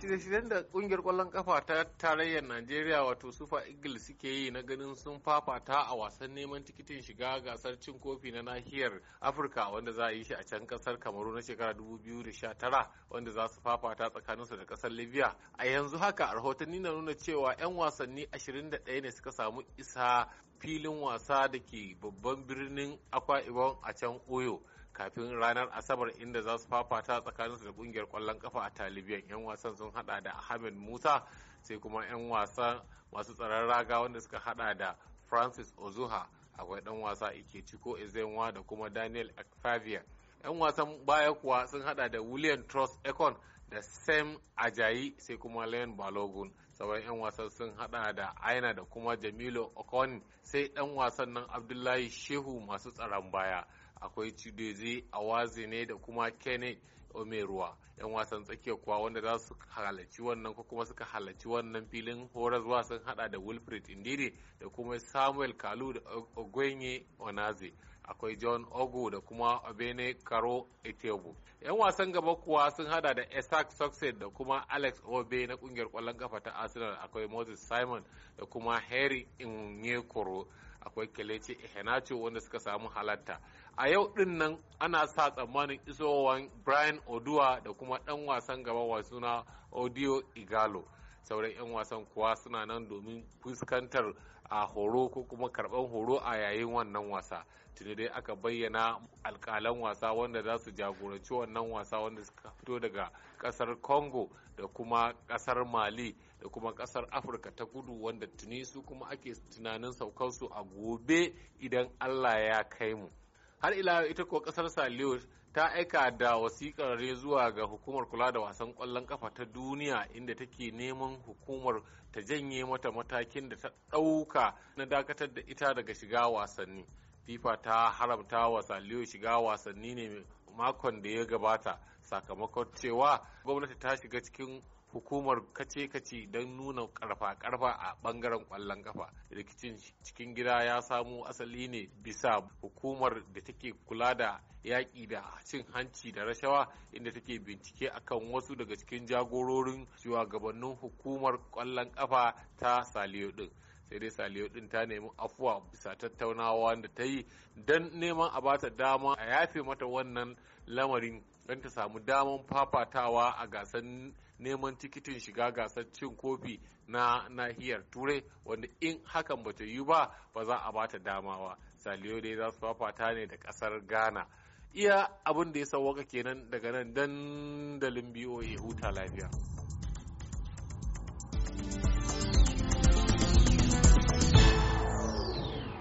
shirye-shiryen da kungiyar kwallon kafa ta tarayyar Najeriya wato Sufa Eagles suke yi na ganin sun fafata a wasan neman tikitin shiga gasar cin kofi na nahiyar Afirka wanda za a yi shi a can kasar Kamaru na shekara 2019 wanda za su fafata tsakaninsu da kasar Libya. A yanzu haka rahotanni na nuna cewa 'yan wasanni 21 ne suka samu isa filin wasa da ke babban birnin Akwa Ibom a can Oyo kafin ranar asabar inda za su fafata tsakaninsu da kungiyar kwallon kafa a talibiyan yan wasan sun hada da ahmed musa sai kuma yan wasa masu tsaron raga wanda suka hada da francis ozuha akwai dan wasa ike ciko ezenwa da kuma daniel Akfavia. yan wasan baya kuwa sun hada da william trust econ da sam ajayi sai kuma leon balogun sauran yan wasan sun hada da aina da kuma jamilu okon sai dan wasan nan abdullahi shehu masu tsaron baya akwai Chideze Awazine da kuma Kenneth Omeruwa yan wasan tsakiyar kuwa wanda za su halarci wannan ko kuma suka halarci wannan filin horaswa sun hada da Wilfred Indire da kuma Samuel Kalu da Ogwenye Onaze akwai John ogu da kuma Obene Karo Etebo yan wasan gaba kuwa sun hada da Isaac succeed da kuma Alex Obe na kungiyar kwallon kafa ta Arsenal akwai Moses Simon da kuma Harry Inyekoro akwai kaleci ihanacho wanda suka samu halatta a yau din nan ana sa tsammanin isowan brian odua da kuma dan wasan gaba wasuna odio igalo sauran 'yan wasan kuwa suna nan domin fuskantar a horo ko kuma karban horo a yayin wannan wasa tuni dai aka bayyana alkalan wasa wanda za su jagoranci wannan wasa wanda suka fito daga kasar congo da kuma kasar mali da kuma kasar afirka ta kudu wanda tuni su kuma ake tunanin saukansu a gobe idan allah ya kai mu har ila ita ko kasar saliyo ta aika da wasikar ne zuwa ga hukumar kula da wasan kwallon kafa ta duniya inda take neman hukumar ta janye mata matakin da ta ɗauka na dakatar da ita daga shiga wasanni fifa ta haramta wa saliyo shiga wasanni ne makon da ya gabata sakamakon cewa gwamnati ta shiga cikin hukumar kace-kace don nuna karfa-karfa a bangaren kwallon kafa rikicin cikin gida ya samu asali ne bisa hukumar da take kula da yaƙi da cin hanci da rashawa inda take bincike akan wasu daga cikin jagororin shugabannin hukumar kwallon kafa ta saliyo din sai dai saliyo din ta nemi afuwa bisa tattaunawa da ta yi don neman a bata dama a yafe mata wannan lamarin don ta samu damar fafatawa a gasar neman tikitin shiga gasar cin kofi na nahiyar turai wanda in hakan bata yi ba ba za a bata damawa saliyo dai za su fafata ne da kasar ghana iya abin da ya sauwaka kenan daga nan dandalin boa huta lafiya